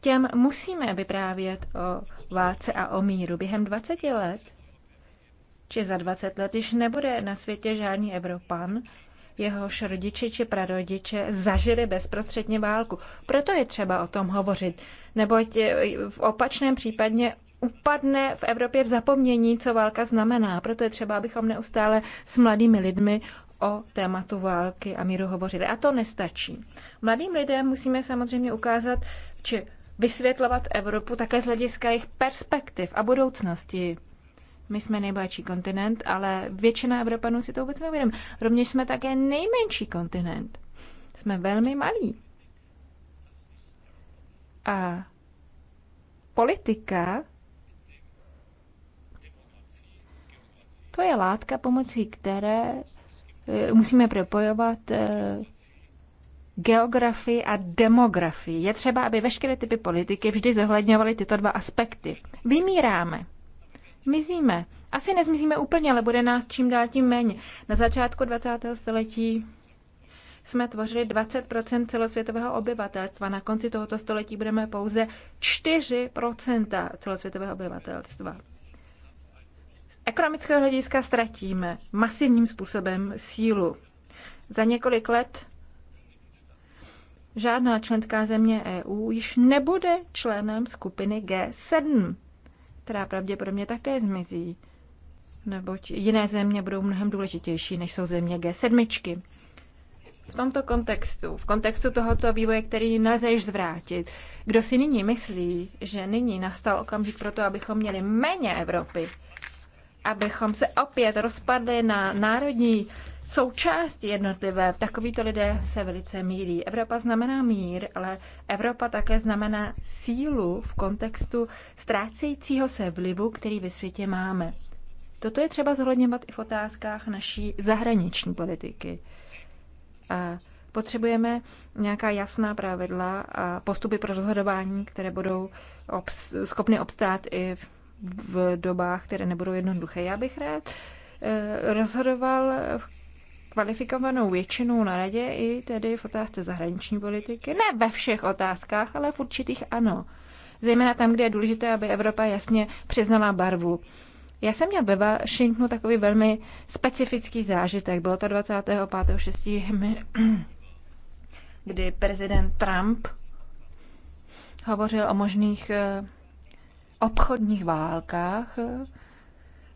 těm musíme vyprávět o válce a o míru během 20 let. Či za 20 let když nebude na světě žádný Evropan, jehož rodiče či prarodiče zažili bezprostředně válku. Proto je třeba o tom hovořit, neboť v opačném případě upadne v Evropě v zapomnění, co válka znamená. Proto je třeba, abychom neustále s mladými lidmi o tématu války a míru hovořili. A to nestačí. Mladým lidem musíme samozřejmě ukázat, či vysvětlovat Evropu také z hlediska jejich perspektiv a budoucnosti. My jsme nejbohatší kontinent, ale většina Evropanů si to vůbec neuvědomí. Rovněž jsme také nejmenší kontinent. Jsme velmi malí. A politika To je látka, pomocí které eh, musíme propojovat eh, geografii a demografii. Je třeba, aby veškeré typy politiky vždy zohledňovaly tyto dva aspekty. Vymíráme. Mizíme. Asi nezmizíme úplně, ale bude nás čím dál tím méně. Na začátku 20. století jsme tvořili 20 celosvětového obyvatelstva. Na konci tohoto století budeme pouze 4 celosvětového obyvatelstva ekonomického hlediska ztratíme masivním způsobem sílu. Za několik let žádná členská země EU již nebude členem skupiny G7, která pravděpodobně také zmizí, neboť jiné země budou mnohem důležitější, než jsou země G7. V tomto kontextu, v kontextu tohoto vývoje, který nelze již zvrátit, kdo si nyní myslí, že nyní nastal okamžik pro to, abychom měli méně Evropy, abychom se opět rozpadli na národní součásti jednotlivé. Takovýto lidé se velice mílí. Evropa znamená mír, ale Evropa také znamená sílu v kontextu ztrácejícího se vlivu, který ve světě máme. Toto je třeba zohledňovat i v otázkách naší zahraniční politiky. A potřebujeme nějaká jasná pravidla a postupy pro rozhodování, které budou obs- schopny obstát i v v dobách, které nebudou jednoduché. Já bych rád eh, rozhodoval v kvalifikovanou většinou na radě i tedy v otázce zahraniční politiky. Ne ve všech otázkách, ale v určitých ano. Zejména tam, kde je důležité, aby Evropa jasně přiznala barvu. Já jsem měl ve Washingtonu takový velmi specifický zážitek. Bylo to 25.6., kdy prezident Trump hovořil o možných eh, obchodních válkách.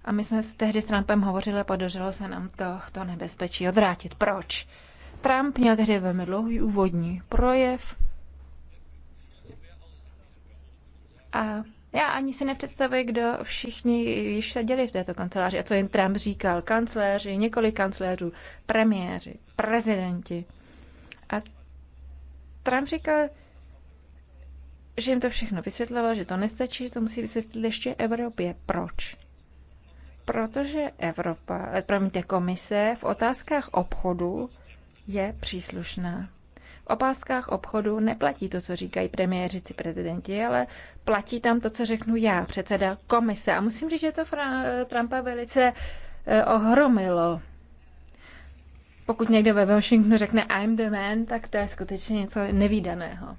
A my jsme tehdy s Trumpem hovořili a podařilo se nám to, to nebezpečí odvrátit. Proč? Trump měl tehdy velmi dlouhý úvodní projev. A já ani si nepředstavuji, kdo všichni již seděli v této kanceláři a co jim Trump říkal. Kancléři, několik kancléřů, premiéři, prezidenti. A Trump říkal, že jim to všechno vysvětloval, že to nestačí, že to musí vysvětlit ještě Evropě. Proč? Protože Evropa, eh, promiňte, komise v otázkách obchodu je příslušná. V opáskách obchodu neplatí to, co říkají premiéři či prezidenti, ale platí tam to, co řeknu já, předseda komise. A musím říct, že to Fra- Trumpa velice eh, ohromilo. Pokud někdo ve Washingtonu řekne I'm the man, tak to je skutečně něco nevýdaného.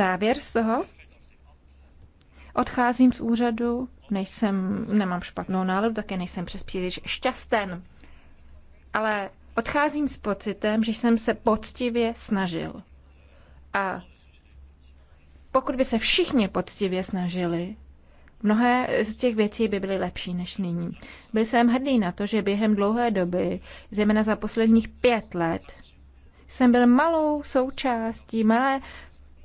závěr z toho? Odcházím z úřadu, nejsem, nemám špatnou náladu, také nejsem přes příliš šťasten. Ale odcházím s pocitem, že jsem se poctivě snažil. A pokud by se všichni poctivě snažili, Mnohé z těch věcí by byly lepší než nyní. Byl jsem hrdý na to, že během dlouhé doby, zejména za posledních pět let, jsem byl malou součástí malé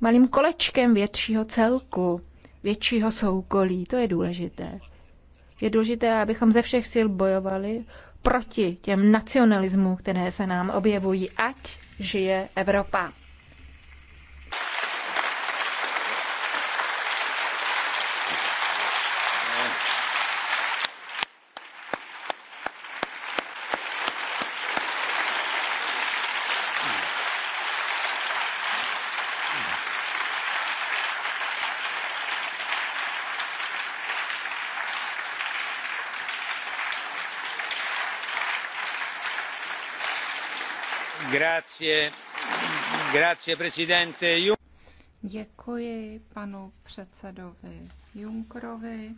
malým kolečkem většího celku, většího soukolí. To je důležité. Je důležité, abychom ze všech sil bojovali proti těm nacionalismům, které se nám objevují, ať žije Evropa. Děkuji panu předsedovi Junkrovi.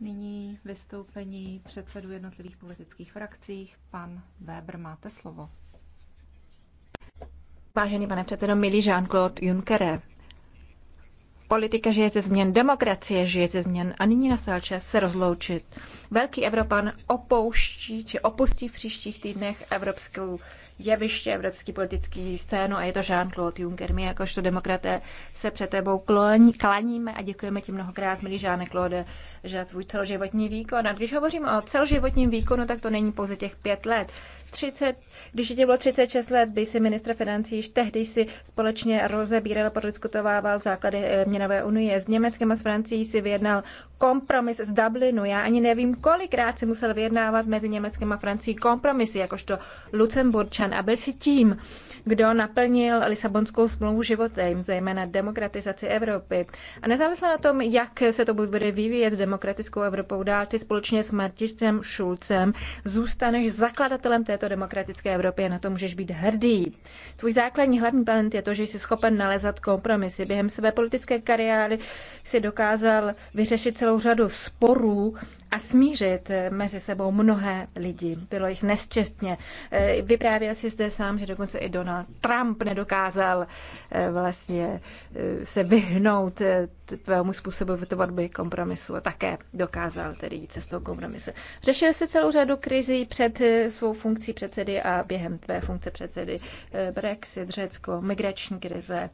Nyní vystoupení předsedů jednotlivých politických frakcích. Pan Weber, máte slovo. Vážený pane předsedo, milý Jean-Claude Juncker, politika žije ze změn, demokracie žije ze změn a nyní nastal čas se rozloučit. Velký Evropan opouští či opustí v příštích týdnech evropskou jeviště, evropský politický scénu a je to Jean-Claude Juncker. My jakožto demokraté se před tebou klaníme a děkujeme ti mnohokrát, milý Žáne Claude, že tvůj celoživotní výkon. A když hovořím o celoživotním výkonu, tak to není pouze těch pět let. 30, když ti bylo 36 let, by si ministr financí již tehdy si společně rozebíral a prodiskutovával základy eh, měnové unie. S Německem a s Francií si vyjednal kompromis z Dublinu. Já ani nevím, kolikrát si musel vyjednávat mezi Německem a Francií kompromisy, jakožto Lucemburčan. A byl si tím, kdo naplnil Lisabonskou smlouvu životem, zejména demokratizaci Evropy. A nezávisle na tom, jak se to bude vyvíjet s demokratickou Evropou dál, ty společně s Martištěm Šulcem zůstaneš zakladatelem té této demokratické Evropě na to můžeš být hrdý. Tvůj základní hlavní talent je to, že jsi schopen nalezat kompromisy. Během své politické kariéry si dokázal vyřešit celou řadu sporů a smířit mezi sebou mnohé lidi. Bylo jich nesčetně. Eh, vyprávěl si zde sám, že dokonce i Donald Trump nedokázal eh, vlastně eh, se vyhnout tvému způsobu vytvorby kompromisu a také dokázal tedy jít cestou kompromisu. Řešil si celou řadu krizí před svou funkcí předsedy a během tvé funkce předsedy Brexit, Řecko, migrační krize.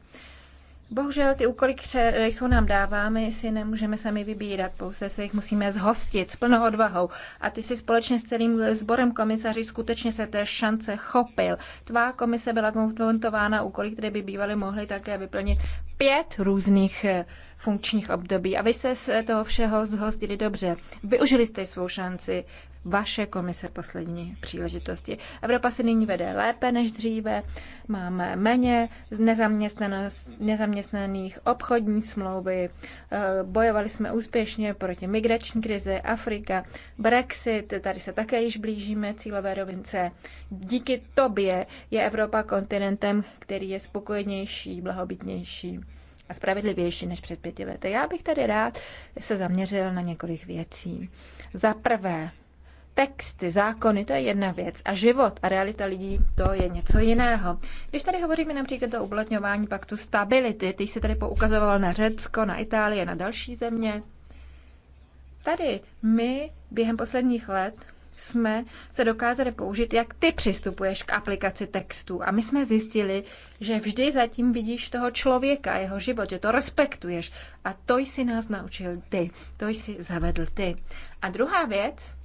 Bohužel ty úkoly, které jsou nám dávány, si nemůžeme sami vybírat, pouze se jich musíme zhostit s plnou odvahou. A ty si společně s celým sborem komisaří skutečně se té šance chopil. Tvá komise byla konfrontována úkoly, které by bývaly mohly také vyplnit pět různých eh, funkčních období a vy jste z toho všeho zhostili dobře. Využili jste svou šanci vaše komise poslední příležitosti. Evropa se nyní vede lépe než dříve, máme méně nezaměstnaných obchodní smlouvy, eh, bojovali jsme úspěšně proti migrační krizi, Afrika, Brexit, tady se také již blížíme cílové rovince. Díky tobě je Evropa kontinentem, který je spokojenější, blahobytnější a spravedlivější než před pěti lety. Já bych tady rád se zaměřil na několik věcí. Za prvé, texty, zákony, to je jedna věc. A život a realita lidí, to je něco jiného. Když tady hovoříme například o uplatňování paktu stability, ty se tady poukazoval na Řecko, na Itálie, na další země. Tady my během posledních let jsme se dokázali použít, jak ty přistupuješ k aplikaci textů. A my jsme zjistili, že vždy zatím vidíš toho člověka, jeho život, že to respektuješ. A to jsi nás naučil ty, to jsi zavedl ty. A druhá věc,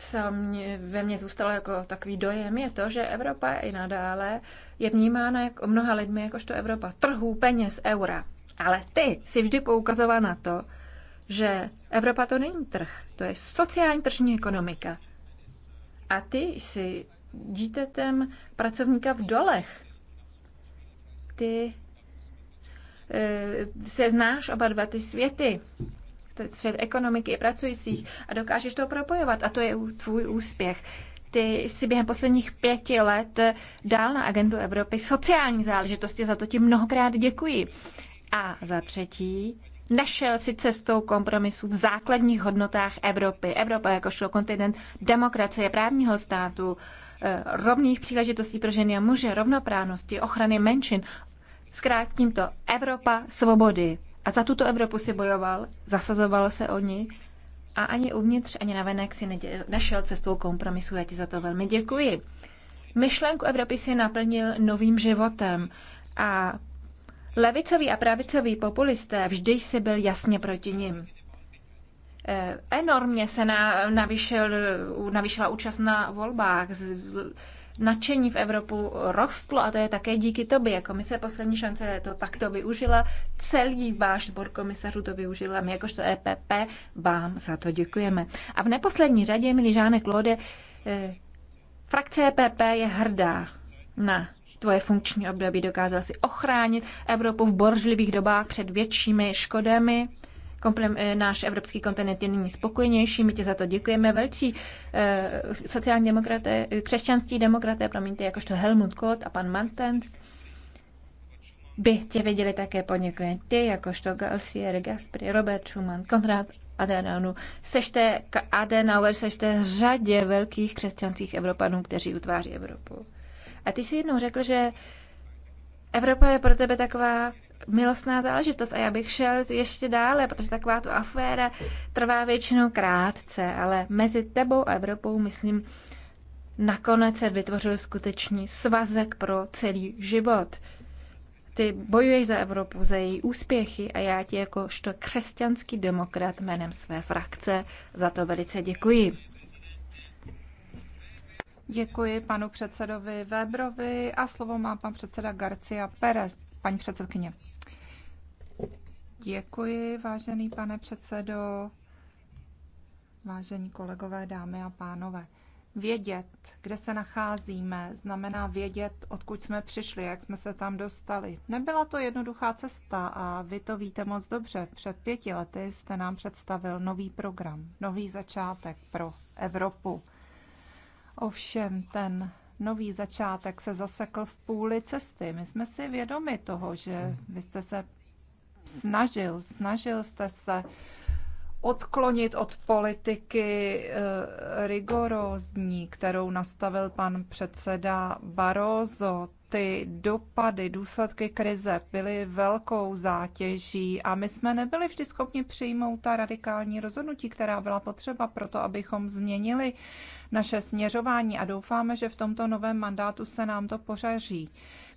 co mě, ve mně zůstalo jako takový dojem, je to, že Evropa i nadále je vnímána jako mnoha lidmi jakožto Evropa trhů, peněz, eura. Ale ty si vždy poukazoval na to, že Evropa to není trh, to je sociální tržní ekonomika. A ty jsi dítětem pracovníka v dolech. Ty eh, se znáš oba dva ty světy svět ekonomiky i pracujících a dokážeš to propojovat a to je tvůj úspěch. Ty jsi během posledních pěti let dál na agendu Evropy sociální záležitosti, za to ti mnohokrát děkuji. A za třetí, našel si cestou kompromisu v základních hodnotách Evropy. Evropa jakožto kontinent demokracie, právního státu, eh, rovných příležitostí pro ženy a muže, rovnoprávnosti, ochrany menšin. Zkrátím to, Evropa svobody. A za tuto Evropu si bojoval, zasazoval se o ní a ani uvnitř, ani na venek si nešel našel cestou kompromisu. Já ti za to velmi děkuji. Myšlenku Evropy si naplnil novým životem a levicoví a pravicoví populisté vždy si byl jasně proti ním. E, enormně se navyšel, navyšila účast na volbách nadšení v Evropu rostlo a to je také díky tobě. Komise poslední šance to takto využila. Celý váš sbor komisařů to využila. My jakožto EPP vám za to děkujeme. A v neposlední řadě, milí Žáne Klode, eh, frakce EPP je hrdá na tvoje funkční období. Dokázal si ochránit Evropu v boržlivých dobách před většími škodami komplem, eh, náš evropský kontinent je nyní spokojenější, my ti za to děkujeme. Velcí eh, sociální demokraté, eh, křesťanství demokraté, promiňte, jakožto Helmut Kohl a pan Mantens, by tě věděli také poděkuje. Ty, jakožto Galsier, Gasperi, Robert Schumann, Konrad Adenau. Sešte k Adenauer, sešte řadě velkých křesťanských Evropanů, kteří utváří Evropu. A ty si jednou řekl, že Evropa je pro tebe taková milostná záležitost a já bych šel ještě dále, protože taková tu aféra trvá většinou krátce, ale mezi tebou a Evropou, myslím, nakonec se vytvořil skutečný svazek pro celý život. Ty bojuješ za Evropu, za její úspěchy a já ti jakožto křesťanský demokrat jménem své frakce za to velice děkuji. Děkuji panu předsedovi Webrovi a slovo má pan předseda Garcia Perez, paní předsedkyně. Děkuji, vážený pane předsedo, vážení kolegové, dámy a pánové. Vědět, kde se nacházíme, znamená vědět, odkud jsme přišli, jak jsme se tam dostali. Nebyla to jednoduchá cesta a vy to víte moc dobře. Před pěti lety jste nám představil nový program, nový začátek pro Evropu. Ovšem, ten nový začátek se zasekl v půli cesty. My jsme si vědomi toho, že vy jste se snažil. Snažil jste se odklonit od politiky eh, rigorózní, kterou nastavil pan předseda Barroso. Ty dopady, důsledky krize byly velkou zátěží a my jsme nebyli vždy schopni přijmout ta radikální rozhodnutí, která byla potřeba pro to, abychom změnili naše směřování a doufáme, že v tomto novém mandátu se nám to pořaží.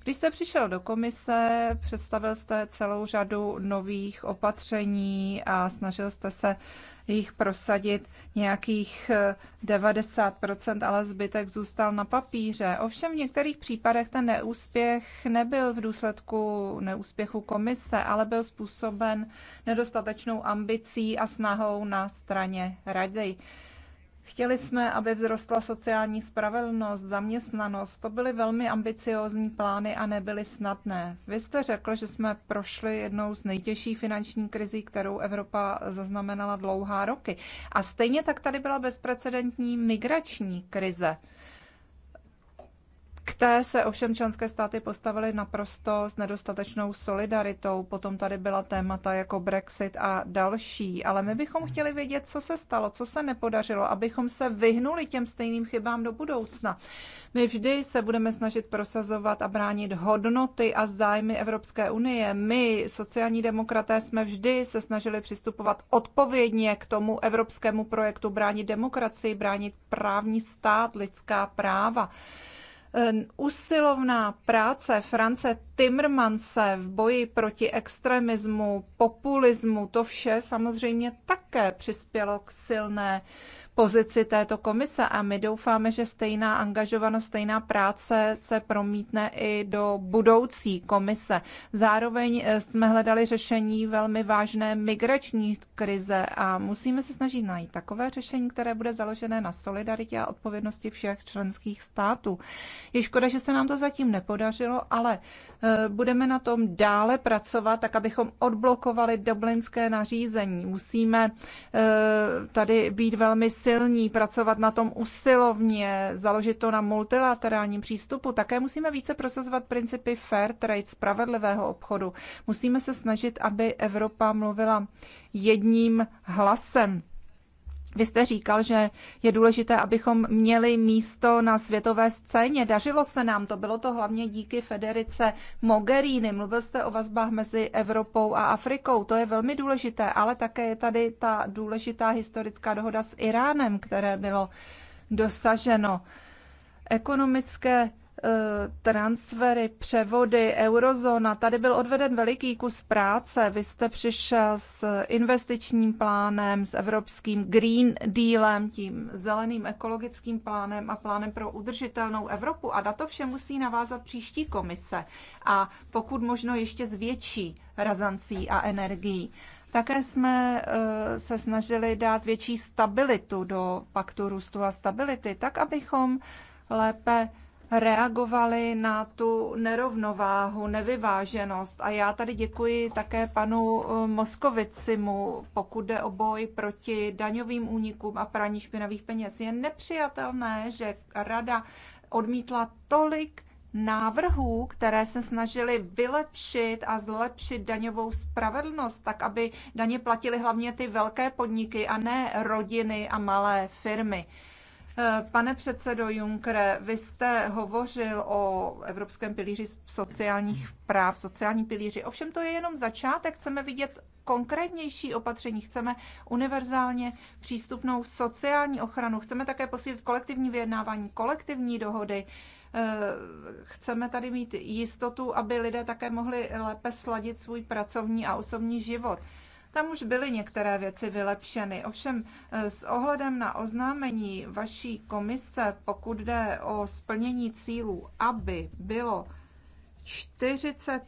Když jste přišel do komise, představil jste celou řadu nových opatření a snažil jste se jich prosadit nějakých 90%, eh, ale zbytek zůstal na papíře. Ovšem v některých případech ten neúspěch nebyl v důsledku neúspěchu komise, ale byl způsoben nedostatečnou ambicí a snahou na straně rady. Chtěli jsme, aby vzrostla sociální spravedlnost, zaměstnanost. To byly velmi ambiciózní plány a nebyly snadné. Vy jste řekl, že jsme prošli jednou z nejtěžší finanční krizí, kterou Evropa zaznamenala dlouhá roky. A stejně tak tady byla bezprecedentní migrační krize. K té se ovšem členské státy postavily naprosto s nedostatečnou solidaritou. Potom tady byla témata jako Brexit a další. Ale my bychom chtěli vědět, co se stalo, co se nepodařilo, abychom se vyhnuli těm stejným chybám do budoucna. My vždy se budeme snažit prosazovat a bránit hodnoty a zájmy Evropské unie. My, sociální demokraté, jsme vždy se snažili přistupovat odpovědně k tomu evropskému projektu bránit demokracii, bránit právní stát, lidská práva. Ehm, usilovná práce France Timmermanse v boji proti extremismu, populismu, to vše samozřejmě také přispělo k silné pozici této komise a my doufáme, že stejná angažovanost, stejná práce se promítne i do budoucí komise. Zároveň eh, jsme hledali řešení velmi vážné migrační krize a musíme se snažit najít takové řešení, které bude založené na solidaritě a odpovědnosti všech členských států. Je škoda, že se nám to zatím nepodařilo, ale Eh, budeme na tom dále pracovat, tak abychom odblokovali dublinské nařízení. Musíme eh, tady být velmi silní, pracovat na tom usilovně, založit to na multilaterálním přístupu. Také musíme více prosazovat principy fair trade, spravedlivého obchodu. Musíme se snažit, aby Evropa mluvila jedním hlasem. Vy jste říkal, že je důležité, abychom měli místo na světové scéně. Dařilo se nám to, bylo to hlavně díky Federice Mogherini. Mluvil jste o vazbách mezi Evropou a Afrikou, to je velmi důležité, ale také je tady ta důležitá historická dohoda s Iránem, které bylo dosaženo. Ekonomické Eh, transfery, převody, eurozóna. Tady byl odveden veliký kus práce. Vy jste přišel s investičním plánem, s evropským Green Dealem, tím zeleným ekologickým plánem a plánem pro udržitelnou Evropu. A na to vše musí navázat příští komise. A pokud možno ještě s větší razancí a energií. Také jsme eh, se snažili dát větší stabilitu do paktu růstu a stability, tak abychom lépe reagovali na tu nerovnováhu, nevyváženost. A já tady děkuji také panu eh, Moskovicimu, pokud jde o boj proti daňovým únikům a praní špinavých peněz. Je nepřijatelné, že rada odmítla tolik návrhů, které se snažili vylepšit a zlepšit daňovou spravedlnost, tak aby daně platili hlavně ty velké podniky a ne rodiny a malé firmy. Eh, pane předsedo Junkre, vy jste hovořil o Evropském pilíři sociálních práv, sociální pilíři. Ovšem to je jenom začátek. Chceme vidět konkrétnější opatření. Chceme univerzálně přístupnou sociální ochranu. Chceme také posílit kolektivní vyjednávání, kolektivní dohody. Eh, chceme tady mít jistotu, aby lidé také mohli lépe sladit svůj pracovní a osobní život. Tam už byly některé věci vylepšeny. Ovšem eh, s ohledem na oznámení vaší komise, pokud jde o splnění cílů, aby bylo 40